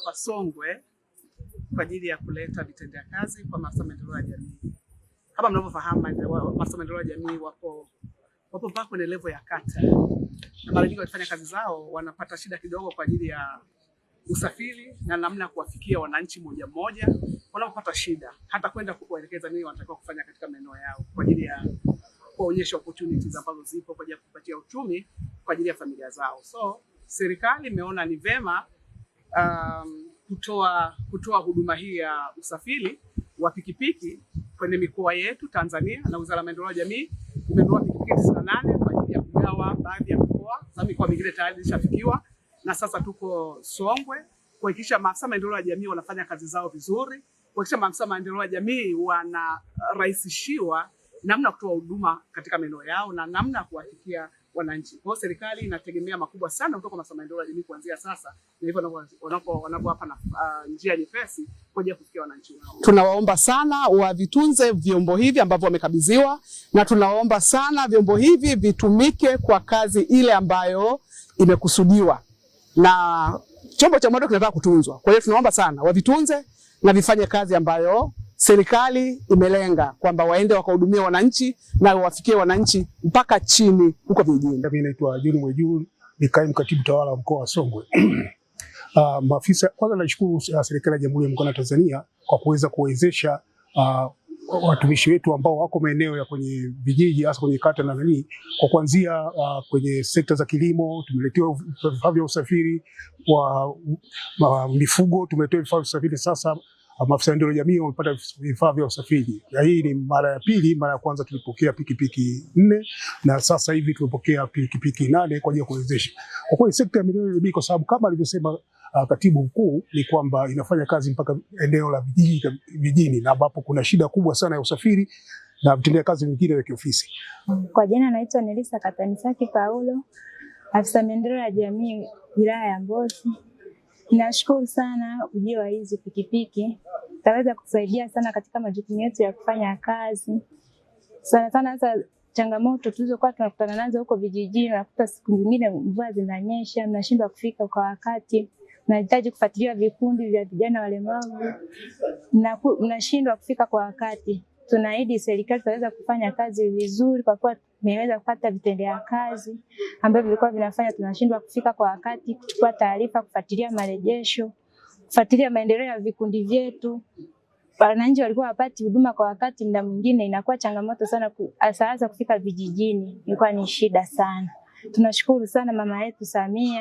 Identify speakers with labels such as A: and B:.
A: hapa Songwe kwa ajili ya kuleta vitendea kazi kwa maafisa maendeleo ya jamii. Kama mnavyofahamu, maafisa maendeleo ya jamii wapo wapo mpaka kwenye level ya kata, na mara nyingi wakifanya kazi zao wanapata shida kidogo kwa ajili ya usafiri na namna ya kuwafikia wananchi moja moja wanapopata shida, hata kwenda kuelekeza nini wanatakiwa kufanya katika maeneo yao kwa ajili ya kuonyesha opportunities ambazo zipo kwa ajili ya kupatia uchumi kwa ajili ya familia zao. So serikali imeona ni vema um, kutoa kutoa huduma hii ya usafiri wa pikipiki kwenye mikoa yetu Tanzania, na Wizara ya Maendeleo ya Jamii imenunua pikipiki tisini na nane kwa ajili ya kugawa baadhi ya mikoa, za mikoa mingine tayari ilishafikiwa, na sasa tuko Songwe kuhakikisha maafisa maendeleo ya jamii wanafanya kazi zao vizuri, kuhakikisha maafisa maendeleo ya jamii wanarahisishiwa namna ya kutoa huduma katika maeneo yao na namna ya kuwafikia wananchi. Kwa hiyo serikali inategemea makubwa sana kutoka masamandeleo ya jamii kuanzia sasa na hivyo wanapowapa na uh, njia nyepesi kwa ajili ya kufikia wananchi wao.
B: Tunawaomba sana wavitunze vyombo hivi ambavyo wamekabidhiwa, na tunawaomba sana vyombo hivi vitumike kwa kazi ile ambayo imekusudiwa na chombo cha moto kinataka kutunzwa. Kwa hiyo tunaomba sana wavitunze na vifanye kazi ambayo serikali imelenga kwamba waende wakahudumia wananchi na wafikie wananchi mpaka chini huko vijijini.
C: Mimi naitwa John Mwejuru, ni kaimu katibu tawala wa mkoa wa Songwe. Uh, maafisa kwanza, nashukuru uh, serikali ya Jamhuri ya Muungano wa Tanzania kwa kuweza kuwezesha uh, watumishi wetu ambao wako maeneo ya kwenye vijiji hasa kwenye kata na nani, kwa kuanzia uh, kwenye sekta za kilimo tumeletewa vifaa vya usafiri wa, wa mifugo tumeletewa vifaa vya usafiri sasa Ah, maafisa ndilo jamii wamepata vifaa vya usafiri, na hii ni mara ya pili. Mara ya kwanza tulipokea pikipiki nne na sasa hivi tumepokea pikipiki nane kwa ajili ya kuwezesha. Kwa kweli sekta ya maendeleo ya jamii, kwa sababu kama alivyosema Uh, katibu mkuu ni kwamba inafanya kazi mpaka eneo la vijijini na ambapo kuna shida kubwa sana ya usafiri na vitendea kazi vingine vya kiofisi.
D: Kwa jina naitwa Nelisa Katanisaki Paulo, afisa maendeleo ya jamii wilaya ya Mbozi. Ninashukuru sana ujio wa hizi pikipiki, itaweza kusaidia sana katika majukumu yetu ya kufanya kazi, sana sana hasa changamoto tulizokuwa tunakutana nazo huko vijijini. Unakuta siku nyingine mvua zinanyesha, mnashindwa kufika kwa wakati, mnahitaji kufuatilia vikundi vya vijana walemavu, mnashindwa kufika kwa wakati. Tunaahidi serikali tutaweza kufanya kazi vizuri, kwa kuwa tumeweza kupata vitendea kazi ambavyo vilikuwa vinafanya tunashindwa kufika kwa wakati, kuchukua taarifa, kufuatilia marejesho, kufuatilia maendeleo ya vikundi vyetu. Wananchi walikuwa wapati huduma kwa wakati, mda mwingine inakuwa changamoto sana, hasa hasa kufika vijijini, ilikuwa ni shida sana. Tunashukuru sana mama yetu Samia.